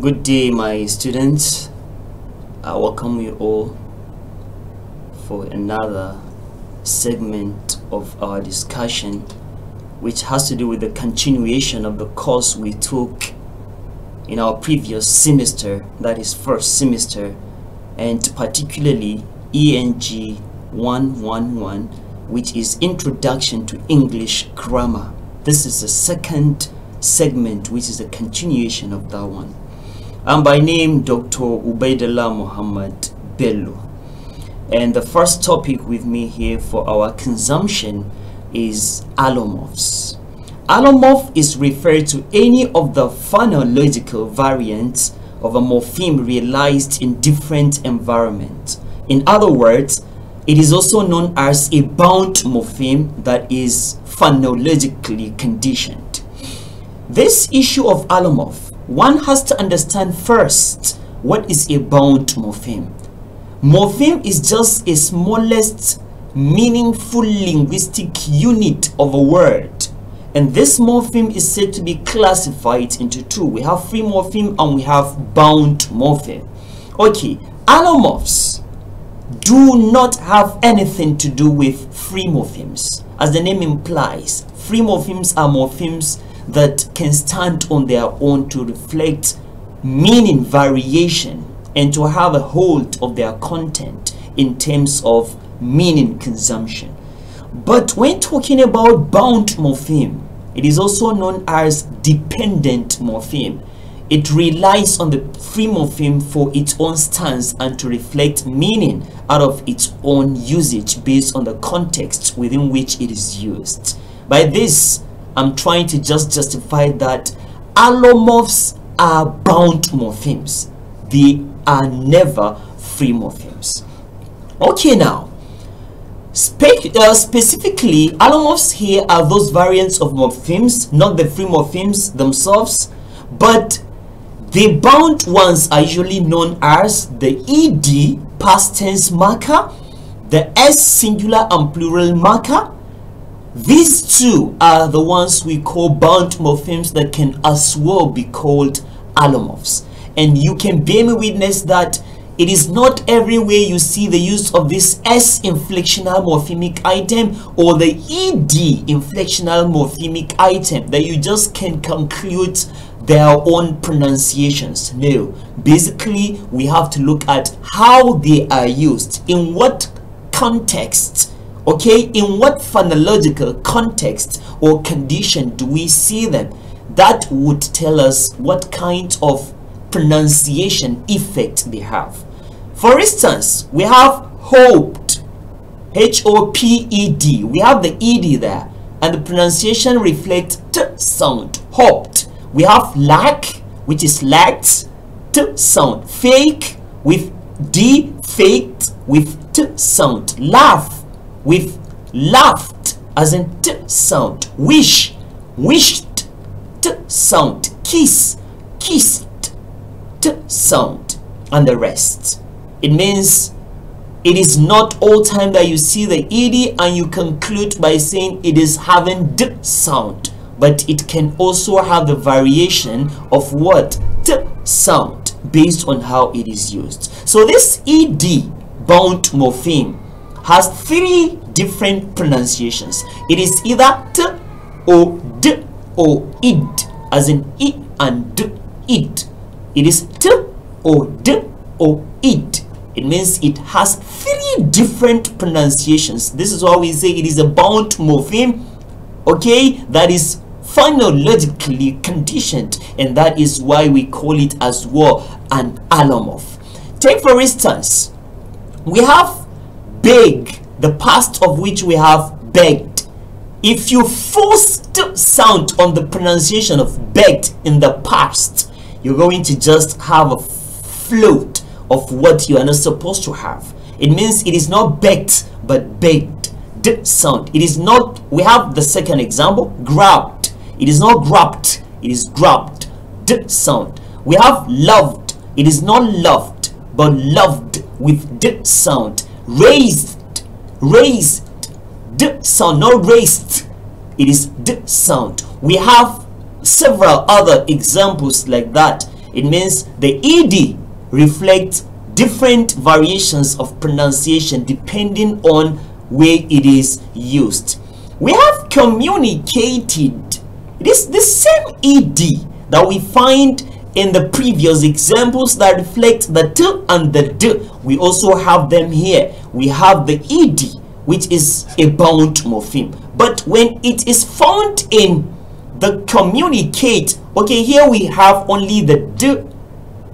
Good day, my students. I welcome you all for another segment of our discussion, which has to do with the continuation of the course we took in our previous semester, that is, first semester, and particularly ENG 111, which is Introduction to English Grammar. This is the second segment, which is a continuation of that one. I'm by name Dr. Ubaidallah Muhammad Bello. And the first topic with me here for our consumption is allomorphs. Allomorph is referred to any of the phonological variants of a morpheme realized in different environments. In other words, it is also known as a bound morpheme that is phonologically conditioned. This issue of allomorph one has to understand first what is a bound morpheme. Morpheme is just a smallest meaningful linguistic unit of a word. And this morpheme is said to be classified into two. We have free morpheme and we have bound morpheme. Okay, allomorphs do not have anything to do with free morphemes. As the name implies, free morphemes are morphemes that can stand on their own to reflect meaning variation and to have a hold of their content in terms of meaning consumption. But when talking about bound morpheme, it is also known as dependent morpheme. It relies on the free morpheme for its own stance and to reflect meaning out of its own usage based on the context within which it is used. By this, I'm trying to just justify that allomorphs are bound morphemes. They are never free morphemes. Okay now, Spe uh, specifically, allomorphs here are those variants of morphemes, not the free morphemes themselves, but the bound ones are usually known as the ED past tense marker, the S singular and plural marker, these two are the ones we call bound morphemes that can as well be called allomorphs. And you can bear me witness that it is not everywhere you see the use of this S inflectional morphemic item or the ED inflectional morphemic item that you just can conclude their own pronunciations. No, basically we have to look at how they are used, in what context okay in what phonological context or condition do we see them that would tell us what kind of pronunciation effect they have for instance we have hoped h-o-p-e-d we have the ed there and the pronunciation reflects t sound hoped we have lack which is lacked t sound fake with d faked with t sound laugh with laughed as in t sound wish wished t sound kiss kissed t sound and the rest it means it is not all time that you see the ed and you conclude by saying it is having d sound but it can also have the variation of what t sound based on how it is used so this ed bound morpheme has three different pronunciations. It is either t or d or id, as in it and it. id. It is t or d or id. It means it has three different pronunciations. This is why we say it is a bound morpheme, okay, that is phonologically conditioned, and that is why we call it as well an allomorph. Take for instance, we have beg, the past of which we have begged. If you forced sound on the pronunciation of begged in the past, you're going to just have a float of what you are not supposed to have. It means it is not begged, but begged. Dip sound. It is not, we have the second example, grabbed. It is not grabbed, it is grabbed. Dip sound. We have loved. It is not loved, but loved with dip sound raised, raised, d sound, not raised. It is d sound. We have several other examples like that. It means the ed reflects different variations of pronunciation depending on where it is used. We have communicated. It is the same ed that we find in the previous examples that reflect the t and the d. We also have them here we have the ed which is a bound morpheme but when it is found in the communicate okay here we have only the d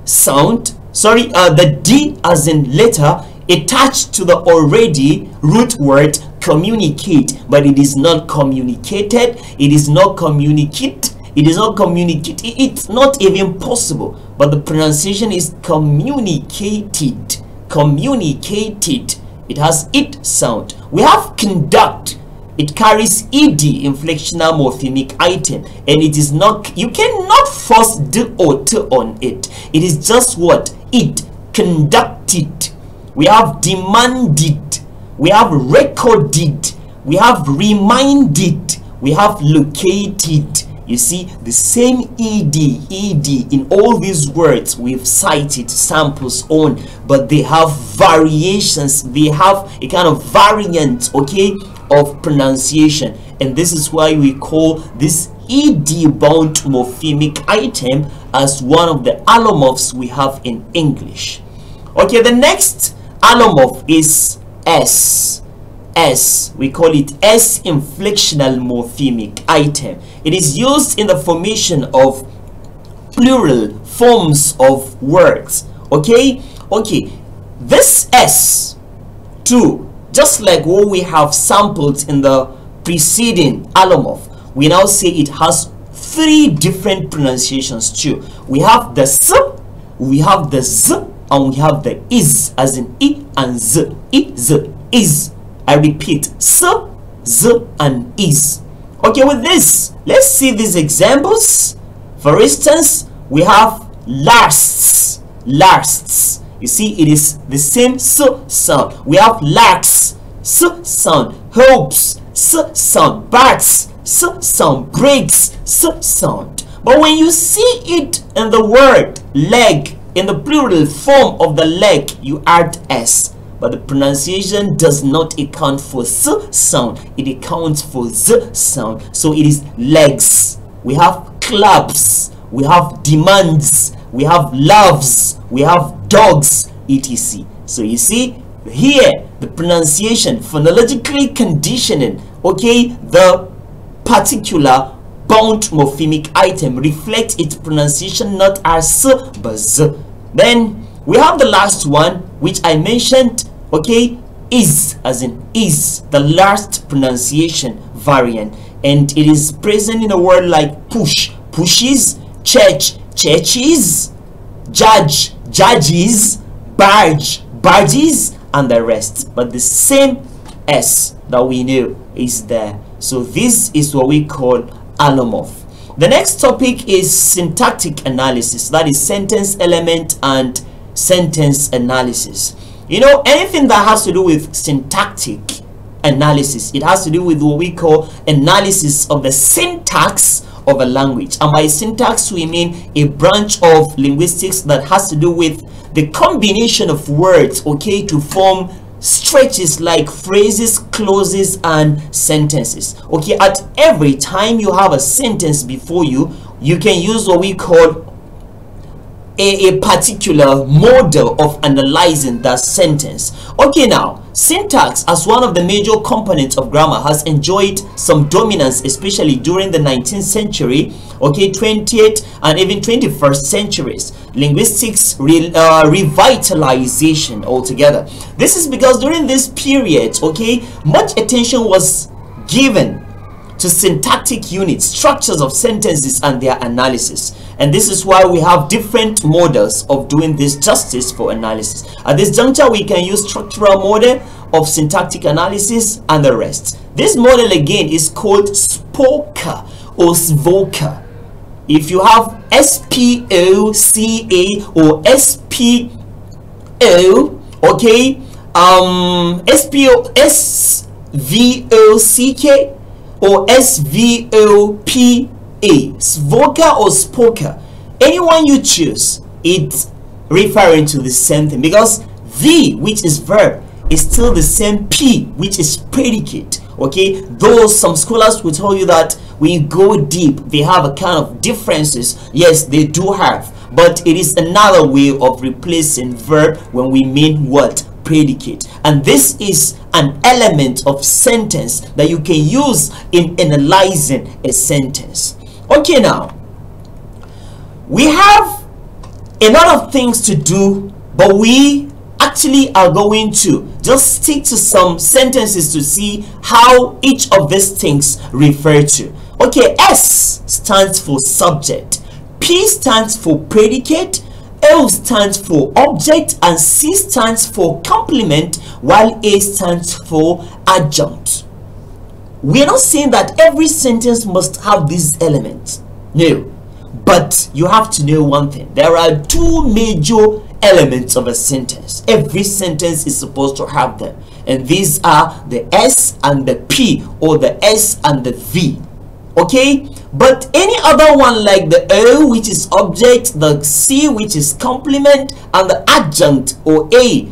sound sorry uh, the d as in letter attached to the already root word communicate but it is not communicated it is not communicate it is not communicate it's not even possible but the pronunciation is communicated communicated it has it sound. We have conduct. It carries ed inflectional morphemic item and it is not you cannot force the or on it. It is just what it conducted. We have demanded. We have recorded. We have reminded. We have located you see, the same ED, ED, in all these words we've cited, samples on, but they have variations. They have a kind of variant, okay, of pronunciation. And this is why we call this ED-bound morphemic item as one of the allomorphs we have in English. Okay, the next allomorph is S. S, we call it S-inflectional morphemic item. It is used in the formation of plural forms of words. Okay? Okay. This S, too, just like what we have sampled in the preceding alomorph, we now say it has three different pronunciations too. We have the S, we have the Z, and we have the is as in I and Z, I, Z, is I repeat, s, z, and is. Okay, with this, let's see these examples. For instance, we have lasts, lasts. You see, it is the same s sound. We have lacks, s sound, hopes, s sound, bats, s sound, breaks, s sound. But when you see it in the word leg, in the plural form of the leg, you add s but the pronunciation does not account for s sound it accounts for z sound so it is legs we have clubs we have demands we have loves we have dogs etc so you see here the pronunciation phonologically conditioning okay the particular bound morphemic item reflect its pronunciation not as s but z then we have the last one which I mentioned, okay, is, as in is, the last pronunciation variant. And it is present in a word like push, pushes, church, churches, judge, judges, barge, barges, and the rest. But the same S that we know is there. So this is what we call allomorph. The next topic is syntactic analysis, that is sentence element and sentence analysis. You know, anything that has to do with syntactic analysis, it has to do with what we call analysis of the syntax of a language. And by syntax, we mean a branch of linguistics that has to do with the combination of words, okay, to form stretches like phrases, clauses, and sentences. Okay, at every time you have a sentence before you, you can use what we call a, a particular model of analyzing that sentence. Okay, now, syntax as one of the major components of grammar has enjoyed some dominance, especially during the 19th century, okay, 20th and even 21st centuries. Linguistics re, uh, revitalization altogether. This is because during this period, okay, much attention was given to syntactic units, structures of sentences and their analysis. And this is why we have different models of doing this justice for analysis. At this juncture, we can use structural model of syntactic analysis and the rest. This model again is called SPOCA or SVOCA. If you have S-P-O-C-A or S-P-O, okay, um, S-P-O-S-V-O-C-K, or S-V-O-P-A, Svoka or Spoka, anyone you choose, it's referring to the same thing because V, which is verb, is still the same P, which is predicate. Okay, though some scholars will tell you that when you go deep, they have a kind of differences. Yes, they do have, but it is another way of replacing verb when we mean what predicate and this is an element of sentence that you can use in analyzing a sentence okay now we have a lot of things to do but we actually are going to just stick to some sentences to see how each of these things refer to okay s stands for subject p stands for predicate L stands for object and C stands for complement while A stands for adjunct. We are not saying that every sentence must have these elements. No. But you have to know one thing. There are two major elements of a sentence. Every sentence is supposed to have them. And these are the S and the P or the S and the V okay but any other one like the o which is object the c which is complement and the adjunct or a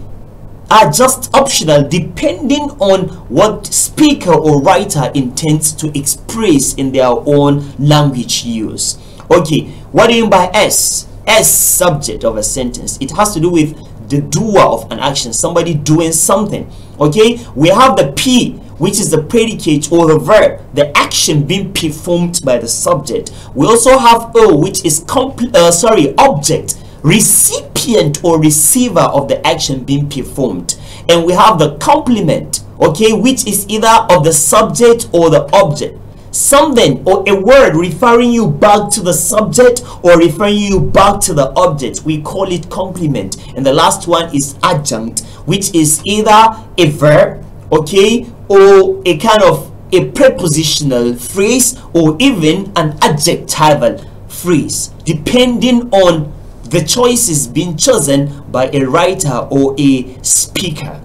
are just optional depending on what speaker or writer intends to express in their own language use okay what do you mean by s s subject of a sentence it has to do with the doer of an action somebody doing something okay we have the p which is the predicate or the verb, the action being performed by the subject. We also have O, which is uh, sorry, object, recipient or receiver of the action being performed. And we have the complement, okay, which is either of the subject or the object. Something or a word referring you back to the subject or referring you back to the object. We call it complement. And the last one is adjunct, which is either a verb, okay, or a kind of a prepositional phrase or even an adjectival phrase depending on the choices being chosen by a writer or a speaker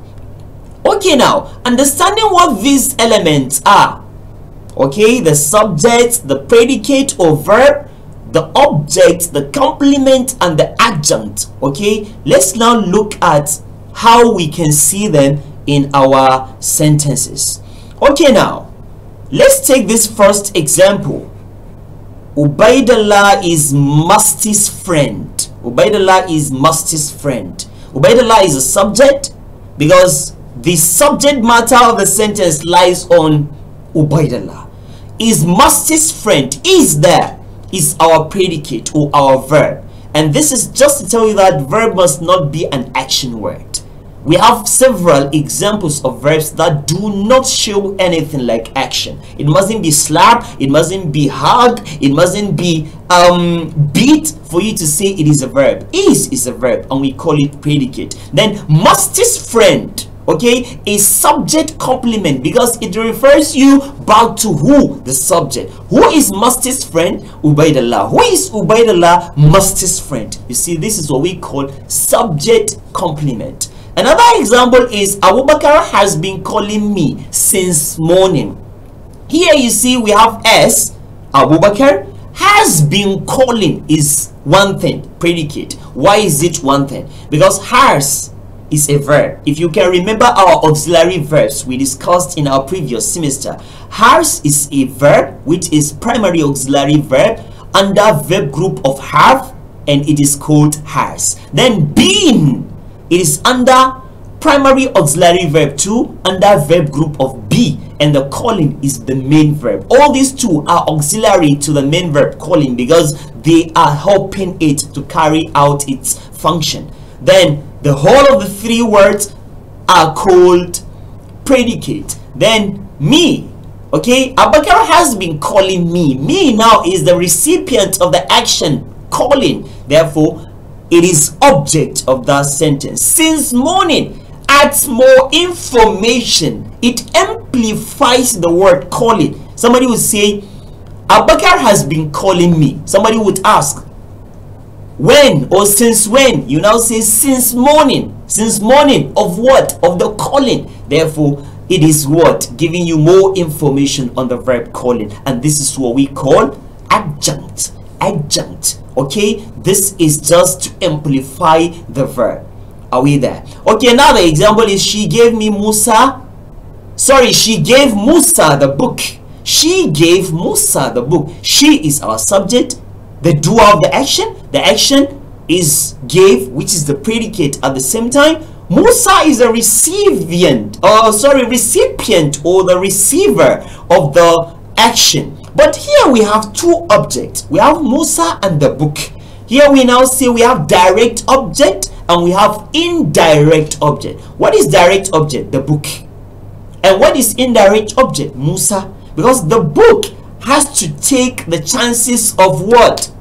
okay now understanding what these elements are okay the subject the predicate or verb the object the complement and the adjunct okay let's now look at how we can see them in our sentences. Okay, now let's take this first example. Ubaidallah is Musti's friend. Ubaidallah is Musti's friend. Ubaidallah is a subject because the subject matter of the sentence lies on Ubaidallah. Is Musti's friend is there is our predicate or our verb. And this is just to tell you that verb must not be an action word. We have several examples of verbs that do not show anything like action. It mustn't be slapped, it mustn't be hugged, it mustn't be um, beat for you to say it is a verb. Is is a verb and we call it predicate. Then must friend okay a subject complement because it refers you back to who the subject who is master's friend ubaidallah who is ubaidallah master's friend you see this is what we call subject complement Another example is Abu Bakr has been calling me since morning. Here you see we have S, Abu Bakr has been calling is one thing, predicate. Why is it one thing? Because has is a verb. If you can remember our auxiliary verbs we discussed in our previous semester, has is a verb which is primary auxiliary verb under verb group of have and it is called has. Then been it is under primary auxiliary verb 2 under verb group of be and the calling is the main verb. All these two are auxiliary to the main verb calling because they are helping it to carry out its function. Then the whole of the three words are called predicate. Then me, okay? Abakar has been calling me. Me now is the recipient of the action calling. Therefore, it is object of that sentence since morning adds more information it amplifies the word calling somebody would say abakar has been calling me somebody would ask when or since when you now say since morning since morning of what of the calling therefore it is what giving you more information on the verb calling and this is what we call adjunct adjunct okay this is just to amplify the verb are we there okay now the example is she gave me musa sorry she gave musa the book she gave musa the book she is our subject the doer of the action the action is gave which is the predicate at the same time Musa is a recipient, Oh, uh, sorry, recipient or the receiver of the action. But here we have two objects. We have Musa and the book. Here we now see we have direct object and we have indirect object. What is direct object? The book. And what is indirect object? Musa. Because the book has to take the chances of what?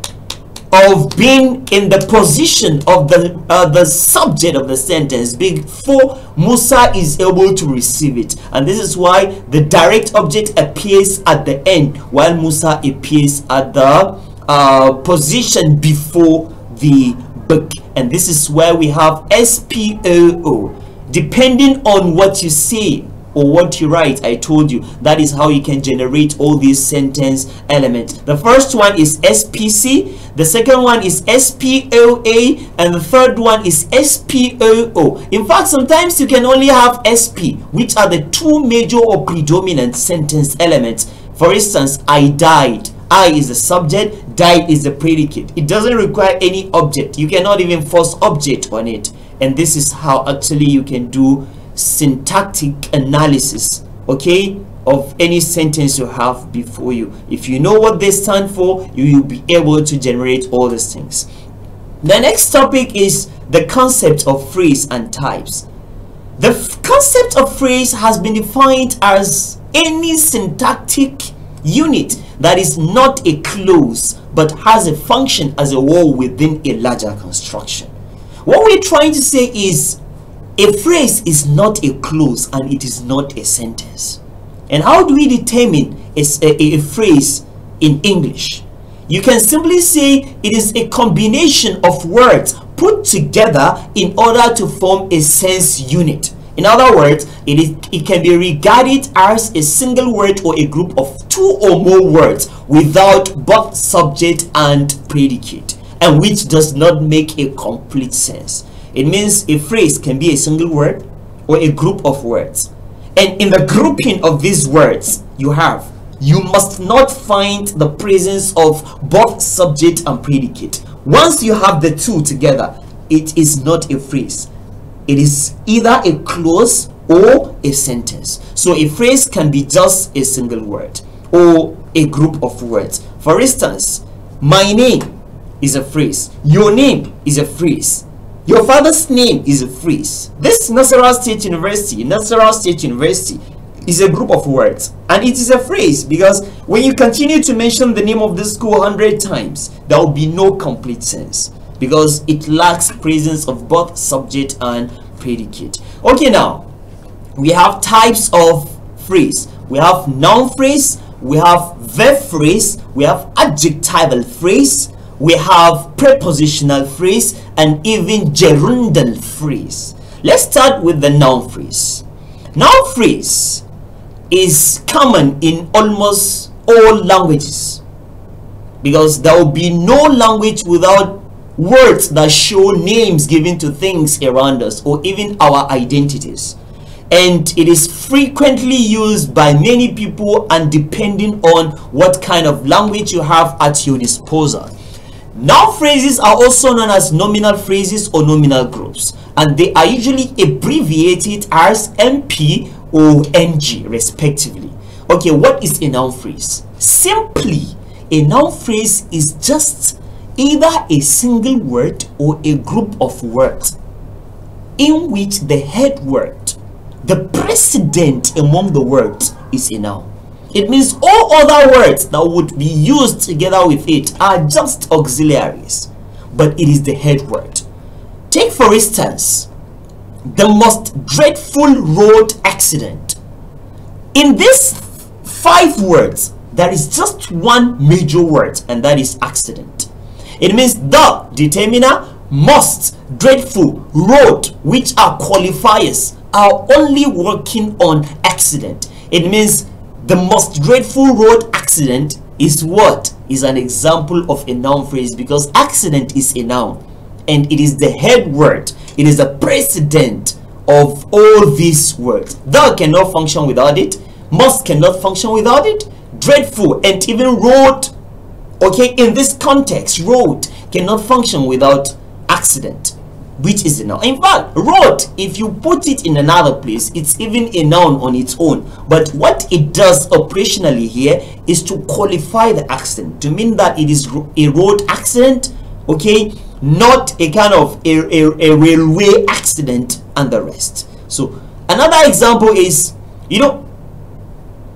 of being in the position of the uh, the subject of the sentence before Musa is able to receive it and this is why the direct object appears at the end while Musa appears at the uh, position before the book and this is where we have SPOO depending on what you see or what you write i told you that is how you can generate all these sentence elements the first one is spc the second one is spoa and the third one is spoo in fact sometimes you can only have sp which are the two major or predominant sentence elements for instance i died I is the subject, died is the predicate. It doesn't require any object. You cannot even force object on it. And this is how actually you can do syntactic analysis okay of any sentence you have before you if you know what they stand for you will be able to generate all these things the next topic is the concept of phrase and types the concept of phrase has been defined as any syntactic unit that is not a clause but has a function as a whole within a larger construction what we're trying to say is a phrase is not a clause and it is not a sentence. And how do we determine a, a, phrase in English? You can simply say it is a combination of words put together in order to form a sense unit. In other words, it, is, it can be regarded as a single word or a group of two or more words without both subject and predicate and which does not make a complete sense. It means a phrase can be a single word or a group of words. And in the grouping of these words you have, you must not find the presence of both subject and predicate. Once you have the two together, it is not a phrase. It is either a clause or a sentence. So a phrase can be just a single word or a group of words. For instance, my name is a phrase. Your name is a phrase. Your father's name is a phrase. This Nasarawa State University, Nasarawa State University, is a group of words and it is a phrase because when you continue to mention the name of the school 100 times there will be no complete sense because it lacks presence of both subject and predicate okay now we have types of phrase we have noun phrase we have verb phrase we have adjectival phrase we have prepositional phrase and even gerundal phrase. Let's start with the noun phrase. Noun phrase is common in almost all languages because there will be no language without words that show names given to things around us or even our identities and it is frequently used by many people and depending on what kind of language you have at your disposal Noun phrases are also known as nominal phrases or nominal groups, and they are usually abbreviated as NP or NG, respectively. Okay, what is a noun phrase? Simply, a noun phrase is just either a single word or a group of words in which the head word, the precedent among the words, is a noun. It means all other words that would be used together with it are just auxiliaries, but it is the head word. Take for instance, the most dreadful road accident. In these five words, there is just one major word, and that is accident. It means the determiner, most dreadful, road, which are qualifiers, are only working on accident. It means the most dreadful road accident is what is an example of a noun phrase because accident is a noun and it is the head word. It is the precedent of all these words. Thou cannot function without it. Must cannot function without it. Dreadful and even road. Okay, in this context, road cannot function without accident which is a noun. In fact, road, if you put it in another place, it's even a noun on its own. But what it does operationally here is to qualify the accident, to mean that it is a road accident, okay, not a kind of a, a, a railway accident and the rest. So another example is, you know,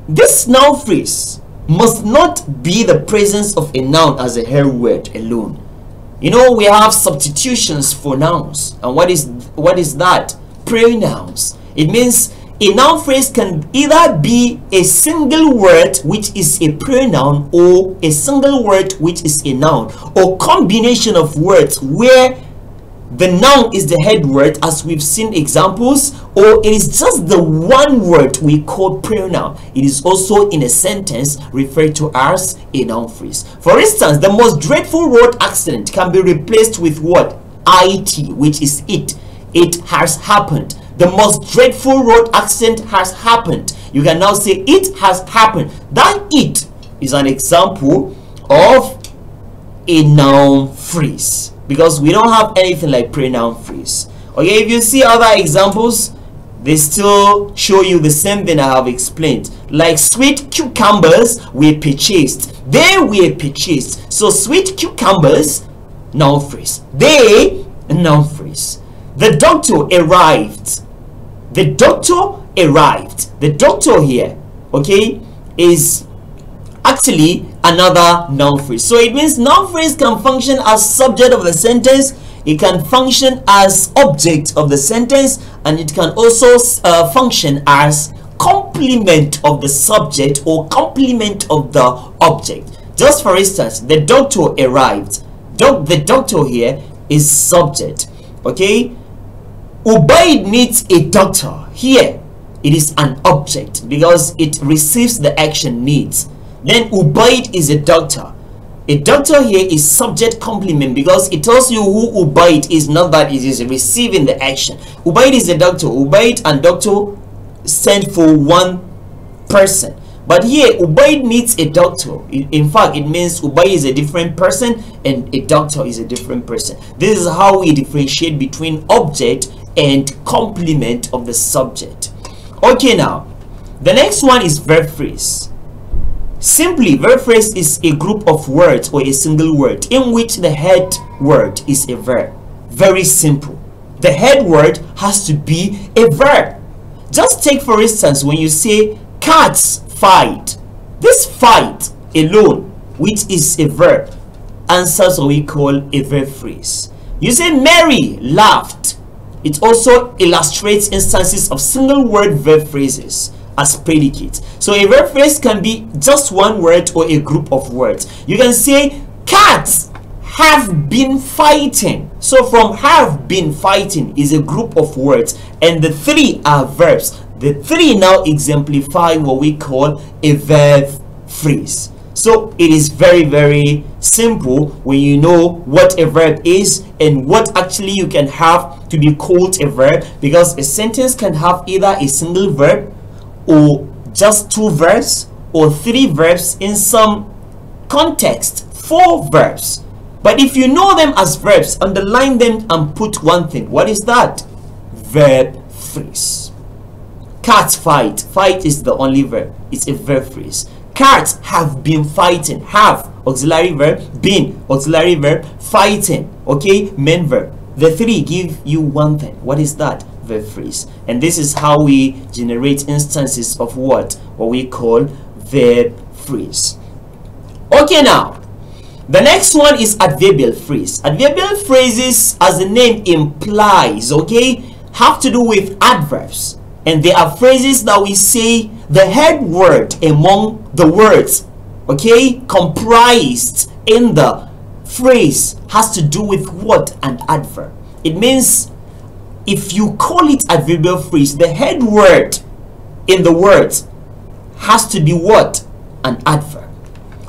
this noun phrase must not be the presence of a noun as a hair word alone you know we have substitutions for nouns. And what is what is that? Pronouns. It means a noun phrase can either be a single word which is a pronoun or a single word which is a noun or combination of words where the noun is the head word as we've seen examples or it is just the one word we call pronoun it is also in a sentence referred to as a noun phrase for instance the most dreadful road accident can be replaced with what it which is it it has happened the most dreadful road accident has happened you can now say it has happened that it is an example of a noun phrase because we don't have anything like pronoun phrase okay if you see other examples they still show you the same thing I have explained. Like sweet cucumbers were purchased. They were purchased. So sweet cucumbers, noun phrase. They, noun phrase. The doctor arrived. The doctor arrived. The doctor here, okay, is actually another noun phrase. So it means noun phrase can function as subject of the sentence, it can function as object of the sentence, and it can also uh, function as complement of the subject or complement of the object. Just for instance, the doctor arrived. Doc the doctor here is subject. Okay? Ubaid needs a doctor. Here, it is an object because it receives the action needs then Ubaid is a doctor. A doctor here is subject complement because it tells you who Ubaid is, not that it is receiving the action. Ubaid is a doctor. Ubaid and doctor stand for one person. But here, Ubaid needs a doctor. In fact, it means Ubaid is a different person and a doctor is a different person. This is how we differentiate between object and complement of the subject. Okay, now, the next one is verb phrase. Simply, verb phrase is a group of words or a single word in which the head word is a verb. Very simple. The head word has to be a verb. Just take for instance when you say cats fight. This fight alone, which is a verb, answers what we call a verb phrase. You say Mary laughed. It also illustrates instances of single word verb phrases as predicate. So a reference can be just one word or a group of words. You can say cats have been fighting. So from have been fighting is a group of words and the three are verbs. The three now exemplify what we call a verb phrase. So it is very, very simple when you know what a verb is and what actually you can have to be called a verb because a sentence can have either a single verb or just two verbs or three verbs in some context, four verbs. But if you know them as verbs, underline them and put one thing. What is that? Verb phrase. Cats fight. Fight is the only verb. It's a verb phrase. Cats have been fighting. Have, auxiliary verb. Been, auxiliary verb. Fighting, okay, main verb. The three give you one thing. What is that? verb phrase, and this is how we generate instances of what what we call verb phrase okay now the next one is adverbial phrase adverbial phrases as the name implies okay have to do with adverbs and they are phrases that we say the head word among the words okay comprised in the phrase has to do with what an adverb it means if you call it adverbial phrase, the head word in the words has to be what? An adverb.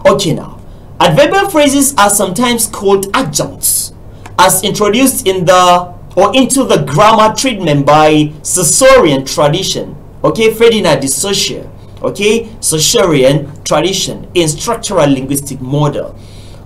Okay now, adverbial phrases are sometimes called adjuncts as introduced in the or into the grammar treatment by Caesarean tradition. Okay, Ferdinand de Saussure. Okay, Caesarean tradition in structural linguistic model.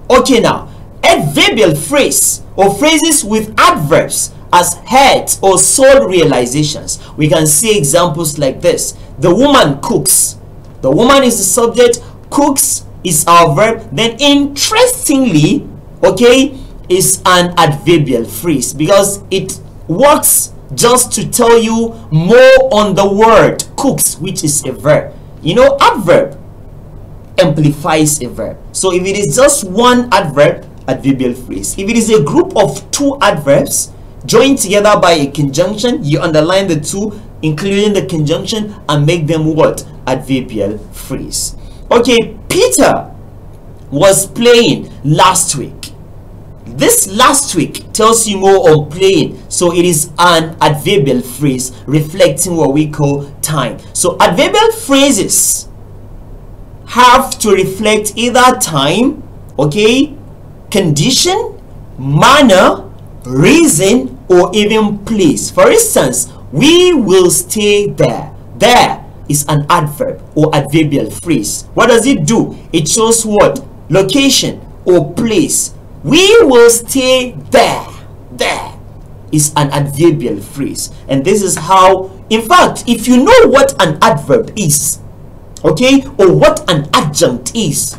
Okay now, adverbial phrase or phrases with adverbs as heads or soul realizations, we can see examples like this. The woman cooks. The woman is the subject, cooks is our verb. Then interestingly, okay, is an adverbial phrase because it works just to tell you more on the word cooks, which is a verb. You know, adverb amplifies a verb. So if it is just one adverb, adverbial phrase. If it is a group of two adverbs, joined together by a conjunction, you underline the two, including the conjunction, and make them what? At VPL freeze. Okay, Peter was playing last week. This last week tells you more on playing, so it is an adverbial phrase reflecting what we call time. So adverbial phrases have to reflect either time, okay, condition, manner, reason, or even place. For instance, we will stay there. There is an adverb or adverbial phrase. What does it do? It shows what? Location or place. We will stay there. There is an adverbial phrase. And this is how, in fact, if you know what an adverb is, okay, or what an adjunct is,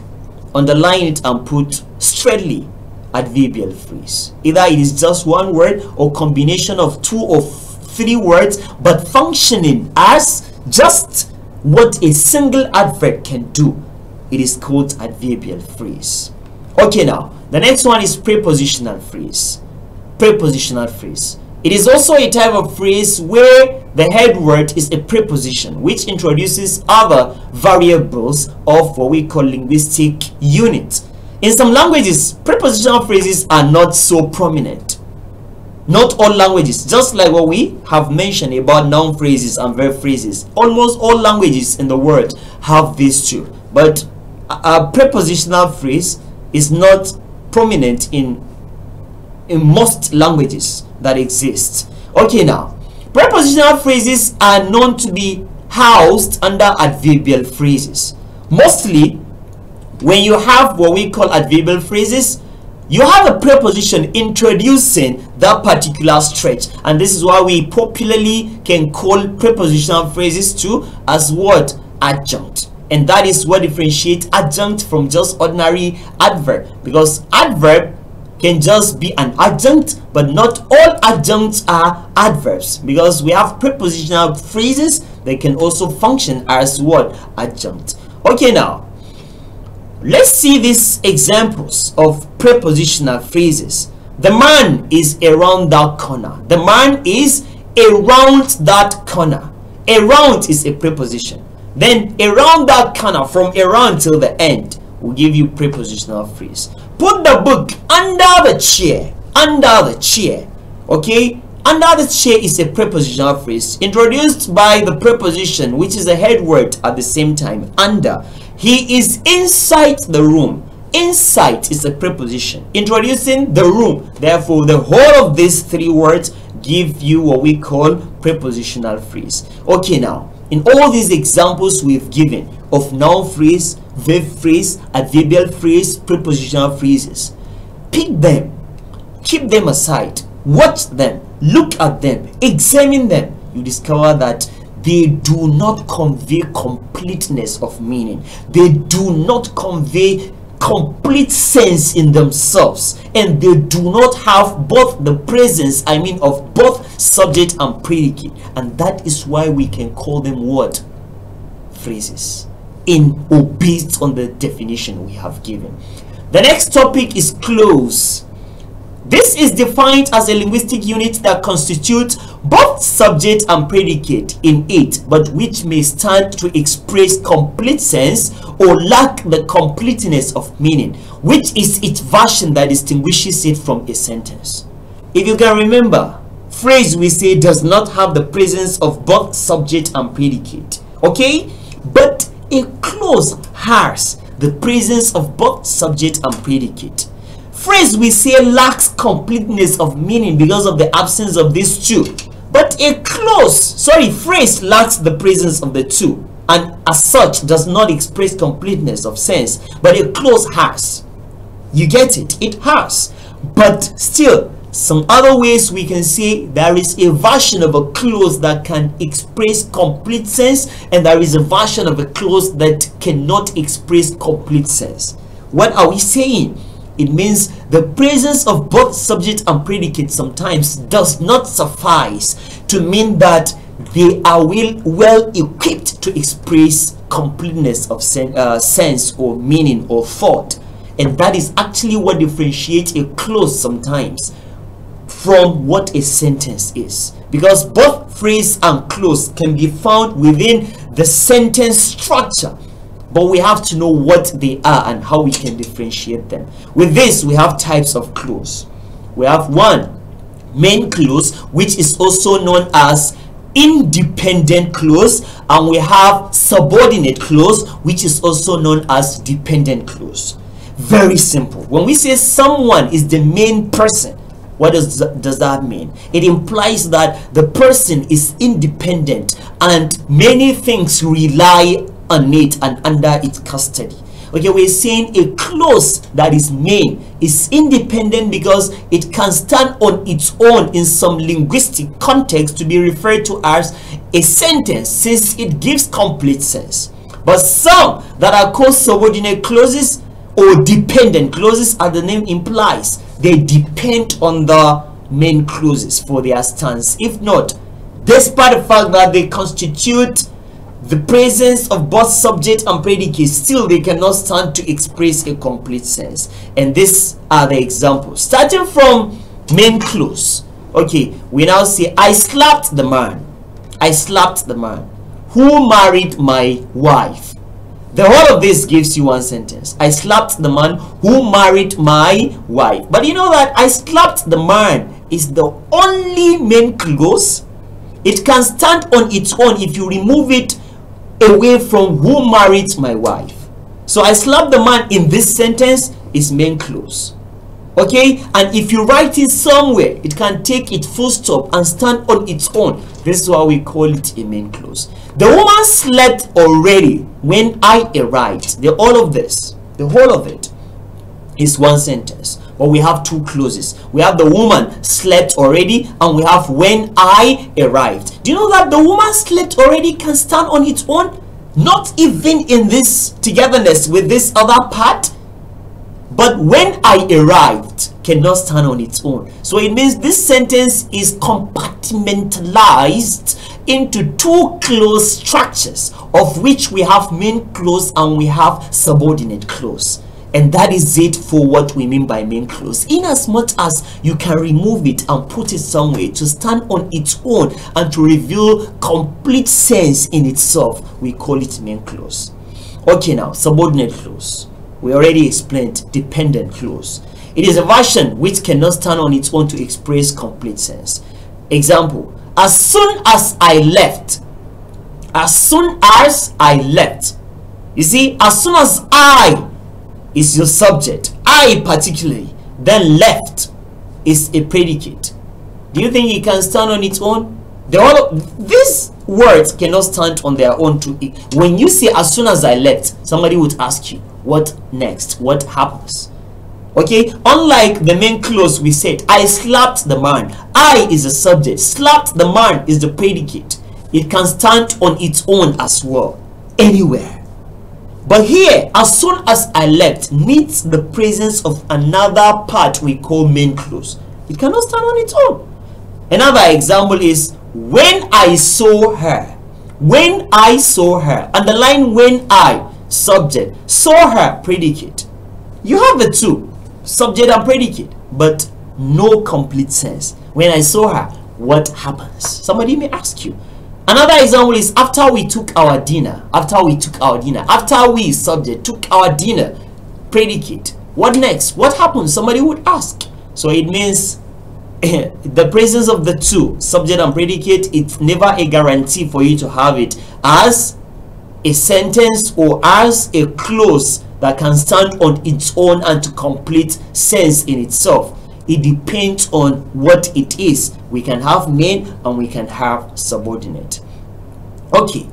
underline it and put straightly adverbial phrase. Either it is just one word or combination of two or three words, but functioning as just what a single adverb can do. It is called adverbial phrase. Okay, now the next one is prepositional phrase. Prepositional phrase. It is also a type of phrase where the head word is a preposition which introduces other variables of what we call linguistic units in some languages, prepositional phrases are not so prominent. Not all languages, just like what we have mentioned about noun phrases and verb phrases. Almost all languages in the world have these two. But a prepositional phrase is not prominent in, in most languages that exist. Okay now, prepositional phrases are known to be housed under adverbial phrases. Mostly, when you have what we call adverbial phrases, you have a preposition introducing that particular stretch and this is why we popularly can call prepositional phrases to as what adjunct and that is what differentiates adjunct from just ordinary adverb because adverb can just be an adjunct but not all adjuncts are adverbs because we have prepositional phrases that can also function as what adjunct okay now Let's see these examples of prepositional phrases. The man is around that corner. The man is around that corner. Around is a preposition. Then around that corner, from around till the end, will give you prepositional phrase. Put the book under the chair. Under the chair. Okay? Under the chair is a prepositional phrase introduced by the preposition, which is a head word at the same time. Under. He is inside the room. Inside is a preposition, introducing the room. Therefore, the whole of these three words give you what we call prepositional phrase. Okay, now, in all these examples we've given of noun phrase, verb phrase, adverbial phrase, prepositional phrases, pick them, keep them aside, watch them, look at them, examine them. You discover that they do not convey completeness of meaning they do not convey complete sense in themselves and they do not have both the presence i mean of both subject and predicate and that is why we can call them what phrases in or based on the definition we have given the next topic is close this is defined as a linguistic unit that constitutes both subject and predicate in it, but which may stand to express complete sense or lack the completeness of meaning, which is its version that distinguishes it from a sentence. If you can remember, phrase we say does not have the presence of both subject and predicate, okay? But a clause has the presence of both subject and predicate. Phrase we say lacks completeness of meaning because of the absence of these two. But a clause, sorry, phrase lacks the presence of the two and as such does not express completeness of sense. But a clause has. You get it? It has. But still, some other ways we can say there is a version of a clause that can express complete sense and there is a version of a clause that cannot express complete sense. What are we saying? It means the presence of both subject and predicate sometimes does not suffice to mean that they are well, well equipped to express completeness of sen uh, sense or meaning or thought. And that is actually what differentiates a clause sometimes from what a sentence is. Because both phrase and clause can be found within the sentence structure but we have to know what they are and how we can differentiate them with this we have types of clothes we have one main clause, which is also known as independent clause and we have subordinate clause which is also known as dependent clause very simple when we say someone is the main person what does, does that mean it implies that the person is independent and many things rely on it and under its custody. Okay, we're saying a clause that is main is independent because it can stand on its own in some linguistic context to be referred to as a sentence since it gives complete sense. But some that are called subordinate clauses or dependent clauses as the name implies, they depend on the main clauses for their stance. If not, despite the fact that they constitute the presence of both subject and predicate still they cannot stand to express a complete sense and these are the examples starting from main clause okay we now say i slapped the man i slapped the man who married my wife the whole of this gives you one sentence i slapped the man who married my wife but you know that i slapped the man is the only main clause it can stand on its own if you remove it away from who married my wife. So I slapped the man in this sentence is main clause. Okay, and if you write it somewhere, it can take it full stop and stand on its own. This is why we call it a main clause. The woman slept already when I arrived. The all of this, the whole of it, is one sentence or we have two clauses. We have the woman slept already and we have when I arrived. Do you know that the woman slept already can stand on its own? Not even in this togetherness with this other part. But when I arrived cannot stand on its own. So it means this sentence is compartmentalized into two closed structures of which we have main clause and we have subordinate clause. And that is it for what we mean by main clause. In as much as you can remove it and put it somewhere to stand on its own and to reveal complete sense in itself, we call it main clause. Okay now, subordinate clause. We already explained dependent clause. It is a version which cannot stand on its own to express complete sense. Example, as soon as I left, as soon as I left, you see, as soon as I is your subject. I particularly. Then left is a predicate. Do you think it can stand on its own? The all these words cannot stand on their own to it. When you say as soon as I left, somebody would ask you, what next? What happens? Okay, unlike the main clause we said, I slapped the man. I is the subject. Slapped the man is the predicate. It can stand on its own as well. Anywhere. But here, as soon as I left, needs the presence of another part we call main clause. It cannot stand on its own. Another example is when I saw her. When I saw her. Underline when I, subject. Saw her, predicate. You have the two, subject and predicate, but no complete sense. When I saw her, what happens? Somebody may ask you, Another example is after we took our dinner, after we took our dinner, after we subject took our dinner, predicate. What next? What happens? Somebody would ask. So it means the presence of the two, subject and predicate, it's never a guarantee for you to have it as a sentence or as a clause that can stand on its own and to complete sense in itself it depends on what it is we can have main and we can have subordinate okay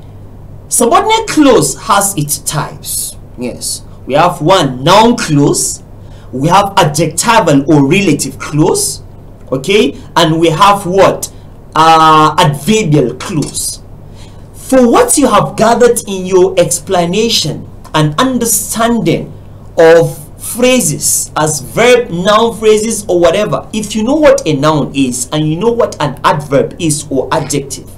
subordinate clause has its types yes we have one noun clause we have adjectival or relative clause okay and we have what uh, adverbial clause for what you have gathered in your explanation and understanding of phrases as verb noun phrases or whatever if you know what a noun is and you know what an adverb is or adjective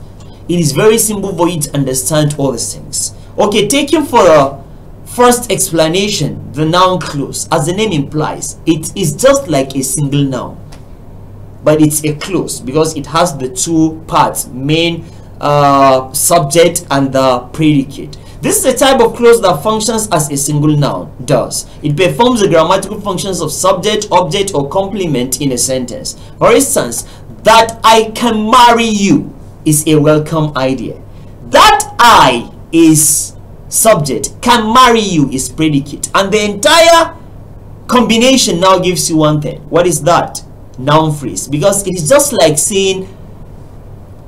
it is very simple for you to understand all these things okay taking for a first explanation the noun clause as the name implies it is just like a single noun but it's a clause because it has the two parts main uh, subject and the predicate this is a type of clause that functions as a single noun does. It performs the grammatical functions of subject, object, or complement in a sentence. For instance, that I can marry you is a welcome idea. That I is subject, can marry you is predicate. And the entire combination now gives you one thing. What is that? Noun phrase. Because it is just like saying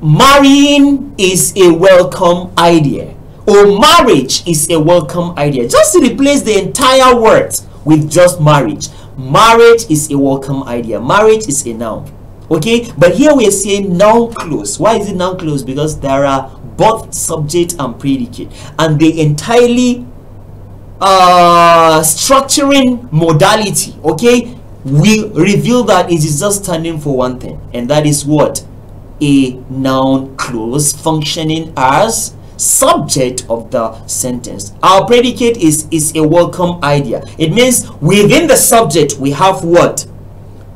marrying is a welcome idea or oh, marriage is a welcome idea. Just replace the entire word with just marriage. Marriage is a welcome idea. Marriage is a noun. Okay, but here we are saying noun clause. Why is it noun clause? Because there are both subject and predicate, and they entirely uh, structuring modality. Okay, we reveal that it is just standing for one thing, and that is what a noun clause functioning as subject of the sentence. Our predicate is, is a welcome idea. It means within the subject we have what?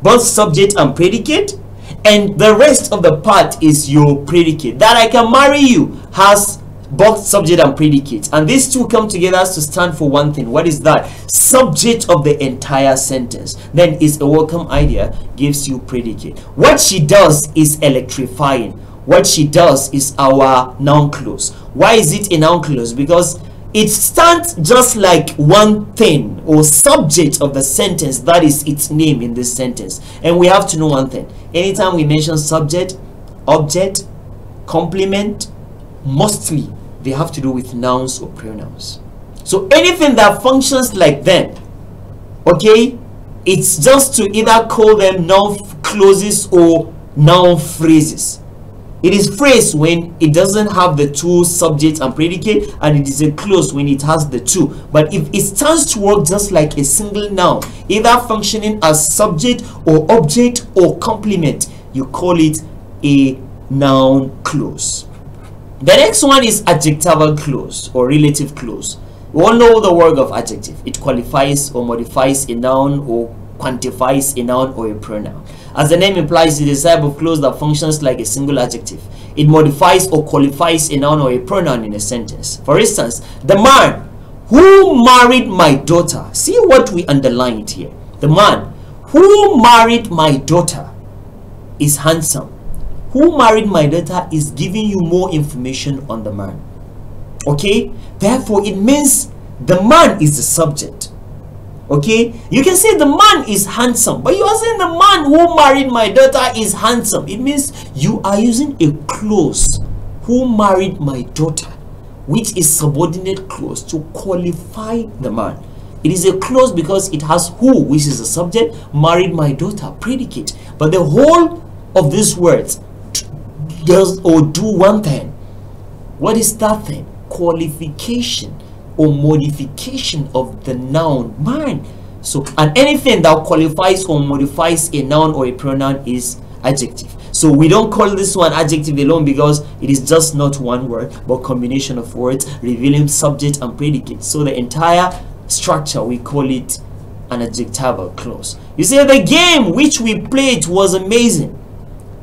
Both subject and predicate and the rest of the part is your predicate. That I can marry you has both subject and predicate and these two come together to stand for one thing what is that subject of the entire sentence then is a welcome idea gives you predicate what she does is electrifying what she does is our noun clause why is it innocuous because it stands just like one thing or subject of the sentence that is its name in this sentence and we have to know one thing anytime we mention subject object complement mostly they have to do with nouns or pronouns so anything that functions like them okay it's just to either call them noun clauses or noun phrases it is phrase when it doesn't have the two subject and predicate and it is a clause when it has the two. But if it stands to work just like a single noun, either functioning as subject or object or complement, you call it a noun clause. The next one is adjectival clause or relative clause. We all know the word of adjective. It qualifies or modifies a noun or quantifies a noun or a pronoun. As the name implies, it is a type of clause that functions like a single adjective. It modifies or qualifies a noun or a pronoun in a sentence. For instance, the man who married my daughter. See what we underlined here. The man who married my daughter is handsome. Who married my daughter is giving you more information on the man. Okay? Therefore, it means the man is the subject okay you can say the man is handsome but you are saying the man who married my daughter is handsome it means you are using a clause who married my daughter which is subordinate clause to qualify the man it is a clause because it has who which is the subject married my daughter predicate but the whole of these words does or do one thing what is that thing qualification or modification of the noun man so and anything that qualifies or modifies a noun or a pronoun is adjective so we don't call this one adjective alone because it is just not one word but combination of words revealing subject and predicate so the entire structure we call it an adjectival clause you say the game which we played was amazing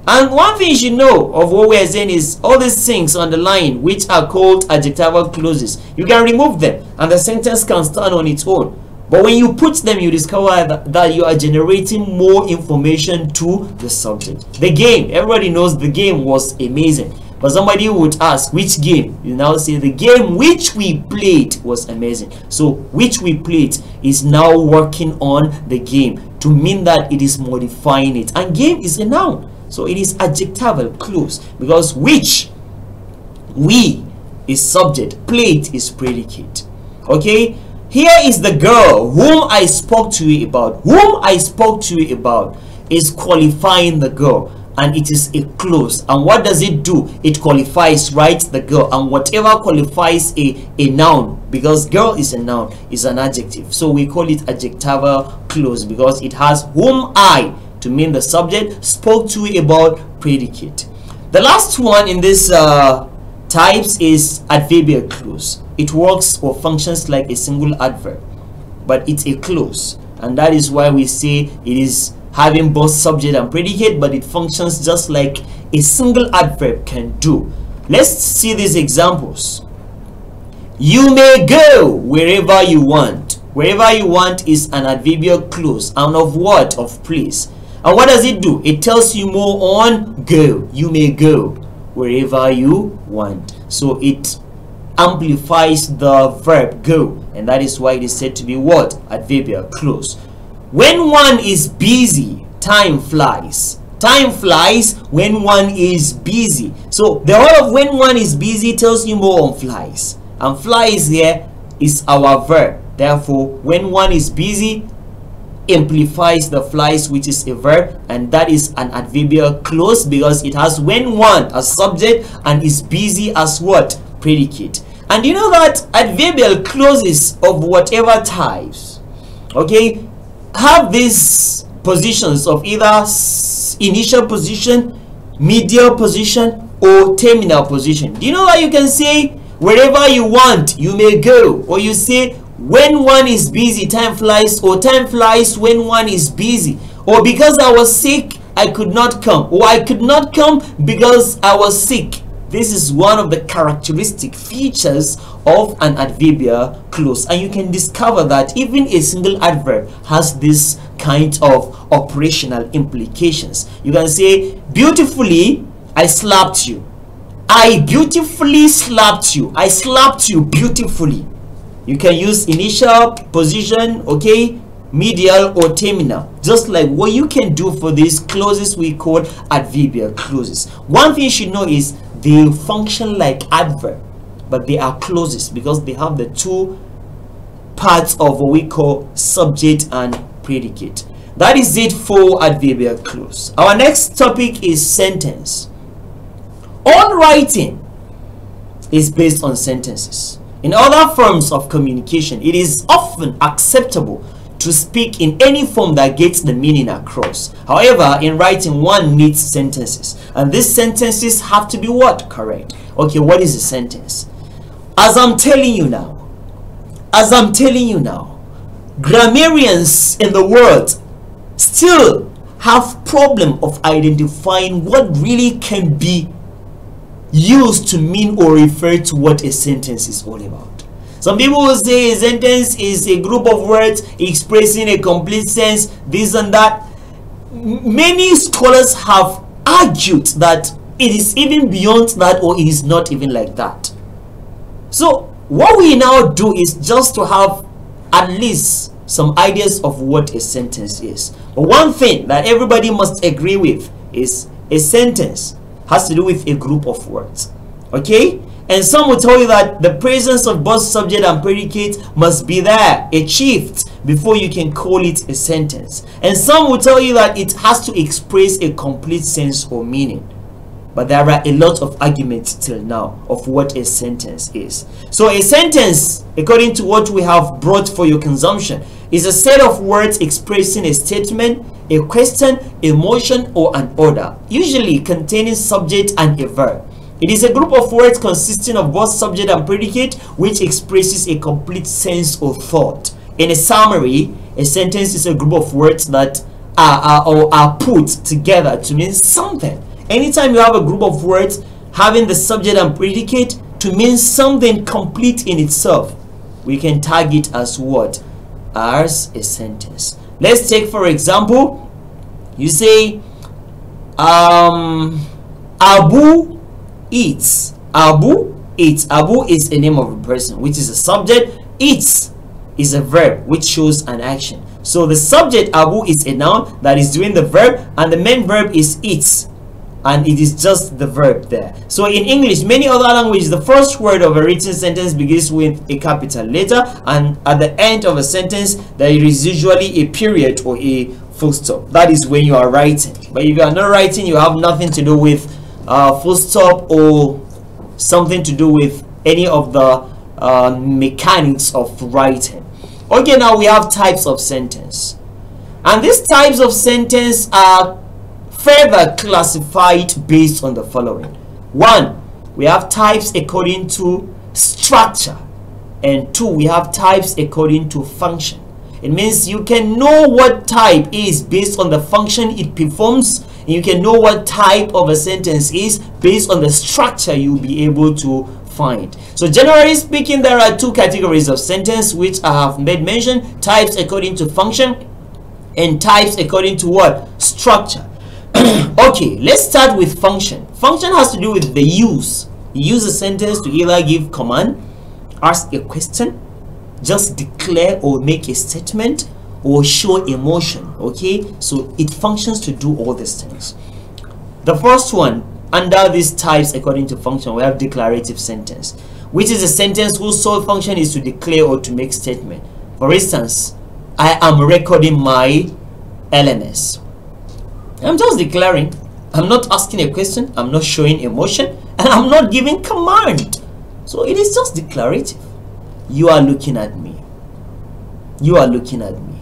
and one thing you should know of what we are saying is all these things on the line which are called adjectival clauses, you can remove them and the sentence can stand on its own. But when you put them, you discover that, that you are generating more information to the subject. The game, everybody knows the game was amazing. But somebody would ask, which game? You now say, the game which we played was amazing. So, which we played is now working on the game to mean that it is modifying it. And game is a noun. So it is adjectival close because which, we is subject, plate is predicate. Okay, here is the girl whom I spoke to you about. Whom I spoke to you about is qualifying the girl and it is a close and what does it do it qualifies right the girl and whatever qualifies a a noun because girl is a noun is an adjective so we call it adjectival close because it has whom i to mean the subject spoke to about predicate the last one in this uh, types is adverbial clause it works or functions like a single adverb but it's a clause and that is why we say it is having both subject and predicate but it functions just like a single adverb can do let's see these examples you may go wherever you want wherever you want is an adverbial clause and of what of place and what does it do? It tells you more on go. You may go wherever you want. So it amplifies the verb go. And that is why it is said to be what? Adverbial clause. When one is busy, time flies time flies when one is busy so the whole of when one is busy tells you more on flies and flies here is our verb therefore when one is busy Amplifies the flies which is a verb and that is an adverbial clause because it has when one as subject and is busy as what predicate and you know that adverbial clauses of whatever types okay have these positions of either initial position medial position or terminal position do you know that you can say wherever you want you may go or you say when one is busy time flies or time flies when one is busy or because i was sick i could not come or i could not come because i was sick this is one of the characteristic features of an adverbial clause and you can discover that even a single adverb has this kind of operational implications you can say beautifully i slapped you i beautifully slapped you i slapped you beautifully you can use initial position, okay, medial or terminal just like what you can do for these closes we call adverbial closes one thing you should know is they function like adverb but they are closes because they have the two parts of what we call subject and predicate that is it for adverbial close. our next topic is sentence all writing is based on sentences in other forms of communication, it is often acceptable to speak in any form that gets the meaning across. However, in writing, one needs sentences. And these sentences have to be what? Correct. Okay, what is a sentence? As I'm telling you now, as I'm telling you now, grammarians in the world still have problem of identifying what really can be used to mean or refer to what a sentence is all about. Some people will say a sentence is a group of words expressing a complete sense, this and that. Many scholars have argued that it is even beyond that or it is not even like that. So what we now do is just to have at least some ideas of what a sentence is. But one thing that everybody must agree with is a sentence has to do with a group of words. Okay? And some will tell you that the presence of both subject and predicate must be there, achieved, before you can call it a sentence. And some will tell you that it has to express a complete sense or meaning. But there are a lot of arguments till now of what a sentence is. So a sentence, according to what we have brought for your consumption, is a set of words expressing a statement, a question, a motion, or an order, usually containing subject and a verb. It is a group of words consisting of both subject and predicate which expresses a complete sense or thought. In a summary, a sentence is a group of words that are, are, are put together to mean something. Anytime you have a group of words having the subject and predicate to mean something complete in itself, we can tag it as what? as a sentence. Let's take for example, you say, um, Abu eats. Abu eats. Abu is a name of a person, which is a subject. Eats is a verb, which shows an action. So the subject Abu is a noun that is doing the verb, and the main verb is eats and it is just the verb there so in english many other languages the first word of a written sentence begins with a capital letter and at the end of a sentence there is usually a period or a full stop that is when you are writing but if you are not writing you have nothing to do with uh, full stop or something to do with any of the uh, mechanics of writing okay now we have types of sentence and these types of sentence are further classified based on the following. One, we have types according to structure. And two, we have types according to function. It means you can know what type is based on the function it performs. And you can know what type of a sentence is based on the structure you'll be able to find. So generally speaking, there are two categories of sentence which I have made mention, types according to function and types according to what? Structure. okay, let's start with function. Function has to do with the use. use a sentence to either give command, ask a question, just declare or make a statement, or show emotion. Okay, so it functions to do all these things. The first one, under these types according to function, we have declarative sentence, which is a sentence whose sole function is to declare or to make statement. For instance, I am recording my LMS I'm just declaring. I'm not asking a question. I'm not showing emotion. And I'm not giving command. So it is just declarative. You are looking at me. You are looking at me.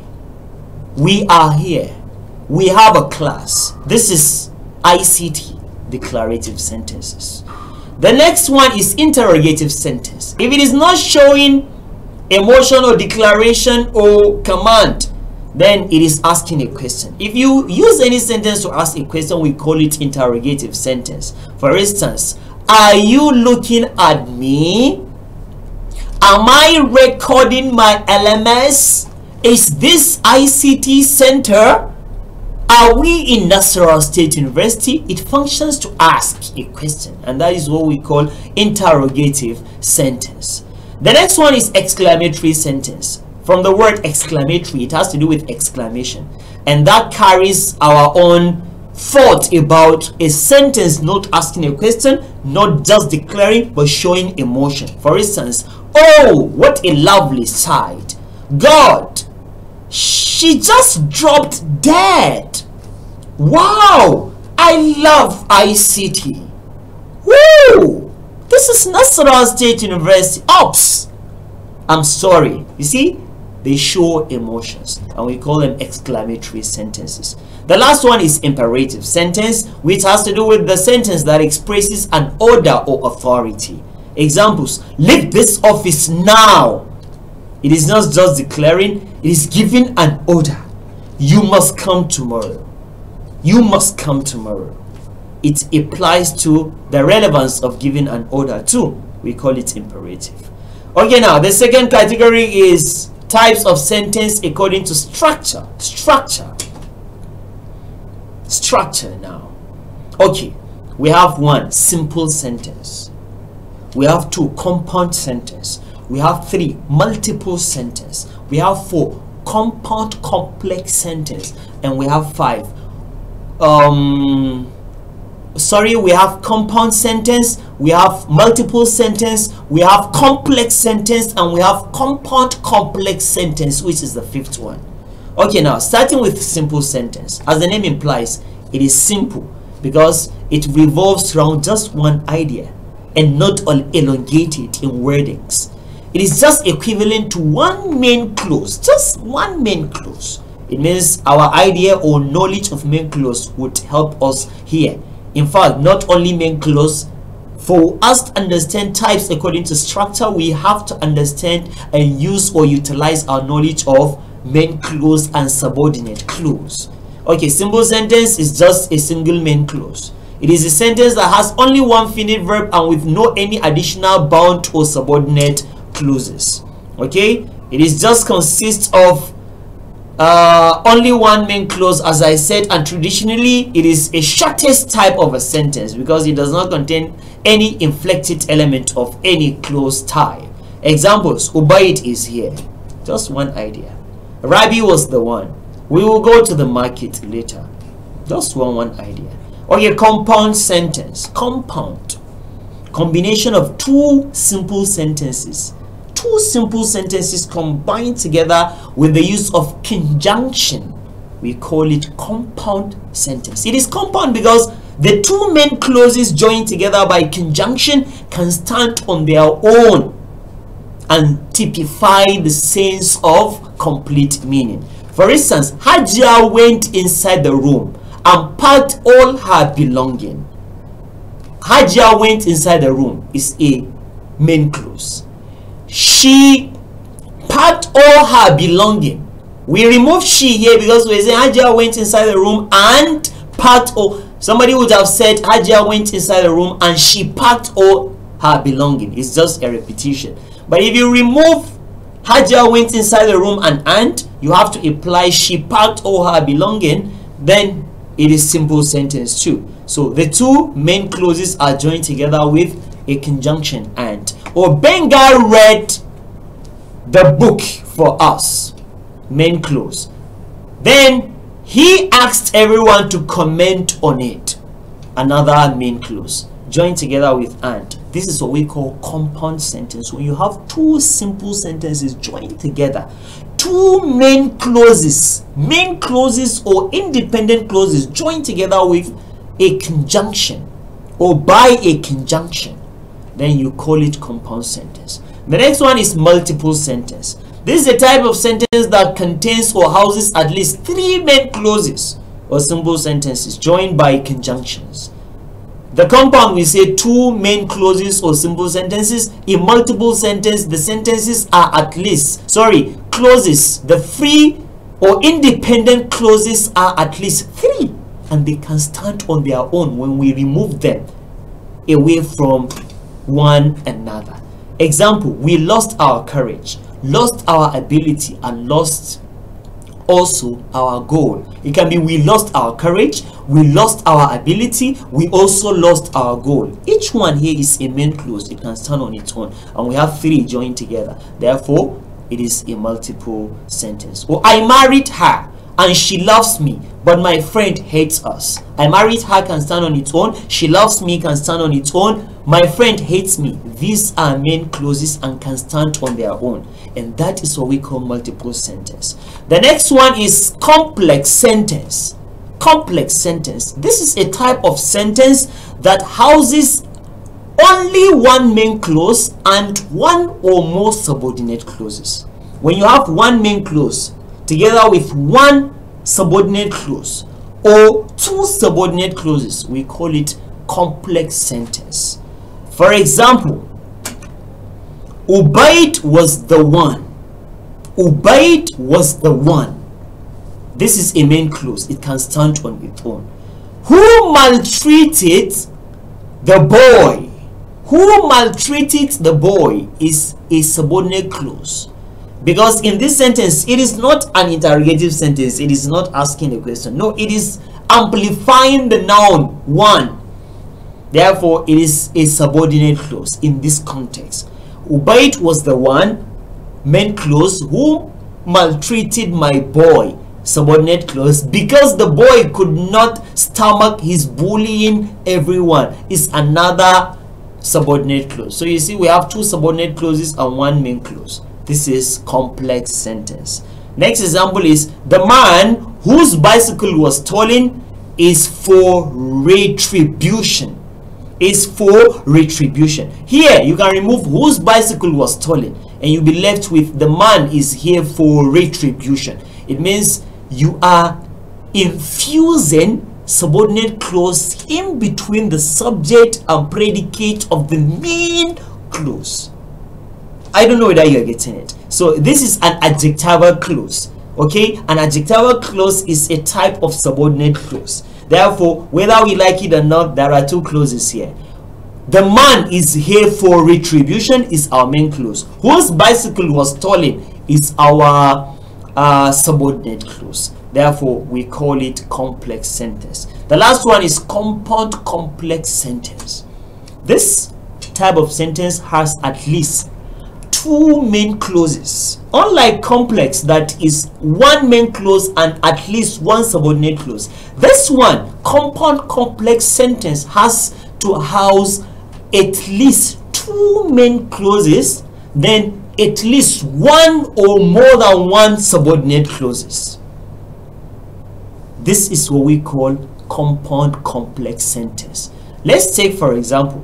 We are here. We have a class. This is ICT, declarative sentences. The next one is interrogative sentence. If it is not showing emotion or declaration or command, then it is asking a question. If you use any sentence to ask a question, we call it interrogative sentence. For instance, are you looking at me? Am I recording my LMS? Is this ICT center? Are we in Nasarawa State University? It functions to ask a question and that is what we call interrogative sentence. The next one is exclamatory sentence from the word exclamatory it has to do with exclamation and that carries our own thought about a sentence not asking a question not just declaring but showing emotion for instance oh what a lovely sight god she just dropped dead wow i love ict Woo! This is Nasarawa State University. Ops! I'm sorry. You see, they show emotions and we call them exclamatory sentences. The last one is imperative sentence, which has to do with the sentence that expresses an order or authority. Examples, leave this office now. It is not just declaring, it is giving an order. You must come tomorrow. You must come tomorrow. It applies to the relevance of giving an order too. We call it imperative. Okay, now the second category is types of sentence according to structure. Structure. Structure now. Okay, we have one, simple sentence. We have two, compound sentence. We have three, multiple sentence. We have four, compound complex sentence. And we have five, um, sorry we have compound sentence we have multiple sentence we have complex sentence and we have compound complex sentence which is the fifth one okay now starting with simple sentence as the name implies it is simple because it revolves around just one idea and not all elongated in wordings it is just equivalent to one main clause just one main clause it means our idea or knowledge of main clause would help us here in fact, not only main clause, for us to understand types according to structure, we have to understand and use or utilize our knowledge of main clause and subordinate clause. Okay, simple sentence is just a single main clause. It is a sentence that has only one finite verb and with no any additional bound or subordinate clauses. Okay, it is just consists of uh, only one main clause as I said and traditionally it is a shortest type of a sentence because it does not contain any inflected element of any clause type. Examples, Ubaid is here. Just one idea. Rabbi was the one. We will go to the market later. Just one, one idea. Or a compound sentence. Compound. Combination of two simple sentences two simple sentences combined together with the use of conjunction. We call it compound sentence. It is compound because the two main clauses joined together by conjunction can stand on their own and typify the sense of complete meaning. For instance, Hajia went inside the room and packed all her belonging. Hajia went inside the room is a main clause she packed all her belonging. We remove she here because we're saying Hajia went inside the room and packed all. Somebody would have said Hajia went inside the room and she packed all her belonging. It's just a repetition. But if you remove Hajia went inside the room and and you have to apply she packed all her belonging, then it is simple sentence too. So the two main clauses are joined together with a conjunction and Obenga read the book for us, main clause. Then he asked everyone to comment on it. Another main clause. Join together with and. This is what we call compound sentence. When you have two simple sentences joined together, two main clauses, main clauses or independent clauses joined together with a conjunction or by a conjunction then you call it compound sentence. The next one is multiple sentence. This is a type of sentence that contains or houses at least three main clauses or simple sentences joined by conjunctions. The compound we say two main clauses or simple sentences. In multiple sentence, the sentences are at least, sorry, clauses. The free or independent clauses are at least three and they can stand on their own when we remove them away from one another. Example, we lost our courage, lost our ability, and lost also our goal. It can be we lost our courage, we lost our ability, we also lost our goal. Each one here is a main clause. It can stand on its own. And we have three joined together. Therefore, it is a multiple sentence. Well, I married her and she loves me but my friend hates us i married her can stand on its own she loves me can stand on its own my friend hates me these are main clauses and can stand on their own and that is what we call multiple sentence the next one is complex sentence complex sentence this is a type of sentence that houses only one main clause and one or more subordinate clauses when you have one main clause together with one subordinate clause or two subordinate clauses. We call it complex sentence. For example, Ubaid was the one. Ubaid was the one. This is a main clause. It can stand on its own. Who maltreated the boy? Who maltreated the boy is a subordinate clause because in this sentence it is not an interrogative sentence it is not asking a question no it is amplifying the noun one therefore it is a subordinate clause in this context ubayt was the one main clause who maltreated my boy subordinate clause because the boy could not stomach his bullying everyone is another subordinate clause so you see we have two subordinate clauses and one main clause this is complex sentence. Next example is the man whose bicycle was stolen is for retribution. Is for retribution. Here you can remove whose bicycle was stolen and you'll be left with the man is here for retribution. It means you are infusing subordinate clause in between the subject and predicate of the main clause. I don't know whether you are getting it. So this is an adjectival clause. Okay, an adjectival clause is a type of subordinate clause. Therefore, whether we like it or not, there are two clauses here. The man is here for retribution is our main clause. Whose bicycle was stolen is our uh, subordinate clause. Therefore, we call it complex sentence. The last one is compound complex sentence. This type of sentence has at least two main clauses. Unlike complex that is one main clause and at least one subordinate clause, this one compound complex sentence has to house at least two main clauses, then at least one or more than one subordinate clauses. This is what we call compound complex sentence. Let's take for example,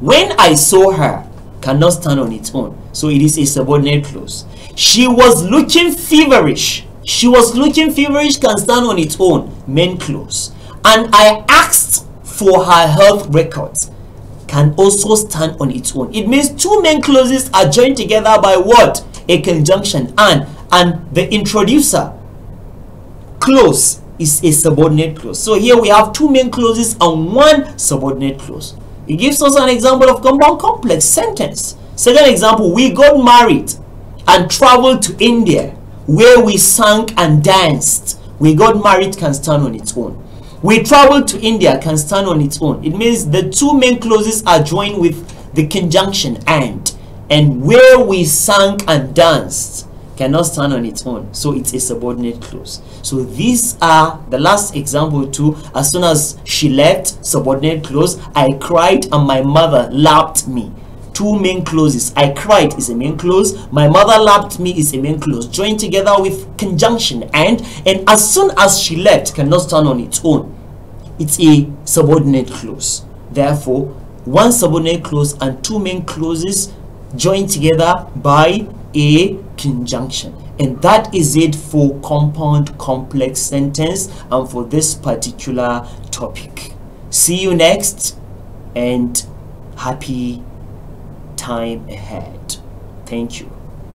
when I saw her, cannot stand on its own. So it is a subordinate clause. She was looking feverish. She was looking feverish can stand on its own. Main clause. And I asked for her health records can also stand on its own. It means two main clauses are joined together by what? A conjunction and and the introducer clause is a subordinate clause. So here we have two main clauses and one subordinate clause. He gives us an example of compound complex sentence. Second example, we got married and traveled to India where we sang and danced. We got married can stand on its own. We traveled to India can stand on its own. It means the two main clauses are joined with the conjunction and. And where we sang and danced cannot stand on its own so it's a subordinate clause so these are the last example too as soon as she left subordinate clause i cried and my mother lapped me two main clauses i cried is a main clause my mother lapped me is a main clause joined together with conjunction and and as soon as she left cannot stand on its own it's a subordinate clause therefore one subordinate clause and two main clauses joined together by a conjunction and that is it for compound complex sentence and for this particular topic see you next and happy time ahead thank you